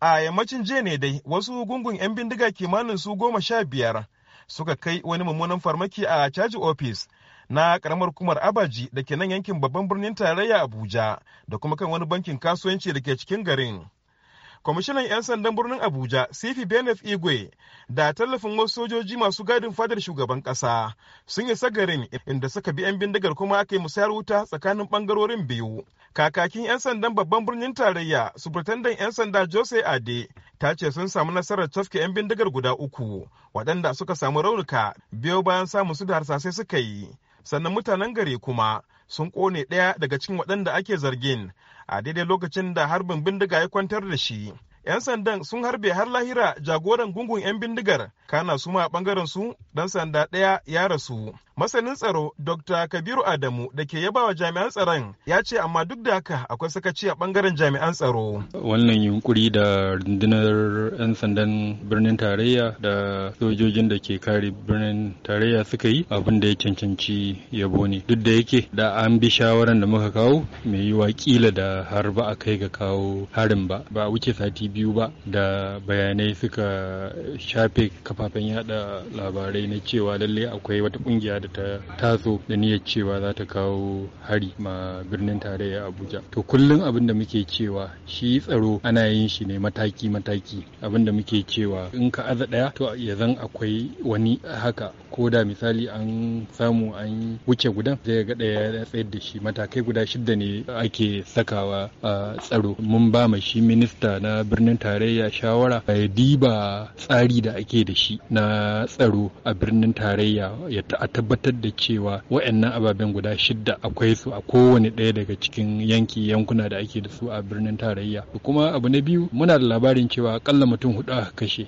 A yammacin jiya ne dai wasu gungun 'yan bindiga kimanin su goma sha biyar suka kai wani mummunan farmaki a caji ofis na karamar kumar abaji da ke nan yankin babban birnin tarayya abuja da kuma kan wani bankin kasuwanci da ke cikin garin kwamishinan 'yan sandan birnin abuja sifi benef igwe da tallafin wasu sojoji masu gadin fadar shugaban kasa sun yi garin inda suka bi 'yan bindigar kuma aka yi musayar wuta tsakanin bangarorin biyu kakakin 'yan sandan babban birnin tarayya subritandan 'yan sanda jose ade ta ce sun samu nasarar tafke 'yan bindigar guda uku waɗanda suka samu raunuka biyo bayan samun su da harsasai suka yi sannan mutanen gari kuma sun kone ɗaya daga cikin waɗanda ake zargin a daidai lokacin da harbin bindiga ya kwantar da shi. 'Yan sandan sun harbe har lahira jagoran gungun 'yan bindigar, kana su ma ɓangaren su dan sanda ɗaya ya rasu. Masanin tsaro Dr. Kabiru Adamu da ke yaba wa jami'an tsaron ya ce amma duk da haka akwai sakaci a bangaren jami'an tsaro. Wannan yunkuri da rundunar 'yan sandan birnin tarayya da sojojin da ke kare birnin tarayya suka yi abin da ya cancanci yabo ne. Duk da yake da an bi shawaran da muka kawo mai yiwa kila da har ba a kai ga kawo harin ba ba a wuce sati biyu ba da bayanai suka shafe kafafen yada labarai na cewa lallai akwai wata kungiya da ta taso da niyyar cewa za ta kawo hari ma birnin tarayya Abuja. To kullum abin da muke cewa shi tsaro ana yin shi ne mataki mataki abin da muke cewa in ka aza daya to yanzu akwai wani haka ko da misali an samu an wuce gudan zai ga ɗaya ya tsayar da shi matakai guda shidda ne ake sakawa a tsaro mun ba ma shi minista na birnin tarayya shawara ya diba tsari da ake da shi na tsaro a birnin tarayya ya tabbatar da cewa wa'annan ababen guda shidda akwai su a kowane ɗaya daga cikin yanki yankuna da ake da su a birnin tarayya kuma abu na biyu muna da labarin cewa akalla mutum hudu aka kashe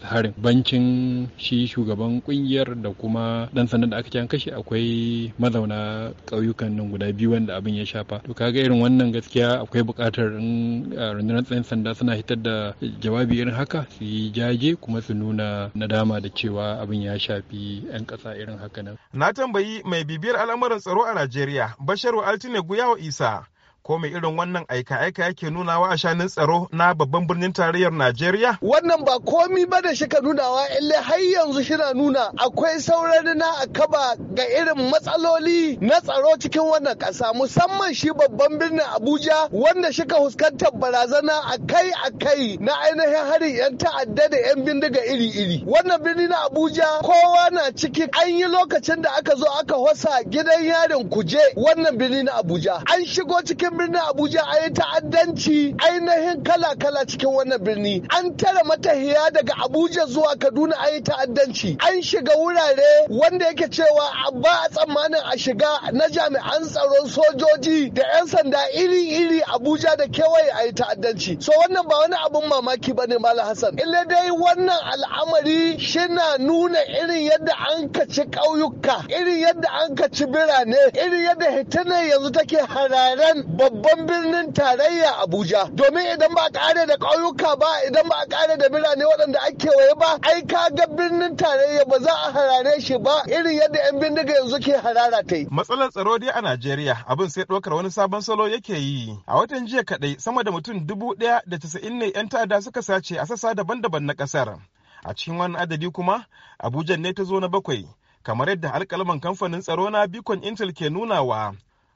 harin bancin shi shugaban kungiyar da kuma dan sandan da aka ci an kashe akwai mazauna ƙauyukan nan guda biyu wanda abin ya shafa to kaga irin wannan gaskiya akwai buƙatar in rundunar tsayin sanda suna hitar da jawabi irin haka su yi jaje kuma su nuna nadama da cewa abin ya shafi 'yan ƙasa irin haka nan. Na tambayi mai bibiyar al'amuran tsaro a Najeriya Basharu Altinegu Yawo Isa ko mai irin wannan aika-aika yake nunawa a shanin tsaro na babban birnin tarayyar Najeriya? Wannan ba komi ba da shi ka nunawa ille har yanzu shi na nuna akwai saurari na a kaba ga irin matsaloli na tsaro cikin wannan ƙasa musamman shi babban birnin Abuja wanda shika fuskantar barazana a kai-a kai na ainihin harin 'yan ta'adda da 'yan bindiga iri-iri. Wannan birni na Abuja kowa na ciki an yi lokacin da aka zo aka wasa gidan yarin kuje wannan birni na Abuja. An shigo cikin birnin Abuja a yi ta'addanci ainihin kala-kala cikin wannan birni. An tara matahiya daga Abuja zuwa Kaduna a yi ta'addanci. An shiga wurare wanda yake cewa ba a tsammanin a shiga na jami'an tsaron sojoji da 'yan sanda iri-iri Abuja da kewaye a yi ta'addanci. So wannan ba wani abin mamaki ba ne Malam Hassan. Ille dai wannan al'amari shina nuna irin yadda an kaci ƙauyuka, irin yadda an kaci birane, irin yadda hitinar yanzu take hararen babban birnin tarayya Abuja domin idan ba kare da ƙauyuka ba idan ba a kare da birane waɗanda ake waye ba ai ka ga birnin tarayya ba za a harare shi ba irin yadda 'yan bindiga yanzu ke harara ta yi. Matsalar tsaro dai a Najeriya abin sai ɗaukar wani sabon salo yake yi. A watan jiya kaɗai sama da mutum dubu ɗaya da casa'in ne 'yan ta'adda suka sace a sassa daban-daban na ƙasar. A cikin wani adadi kuma Abuja ne ta zo na bakwai kamar yadda alƙalman kamfanin tsaro na Bikon Intel ke nunawa.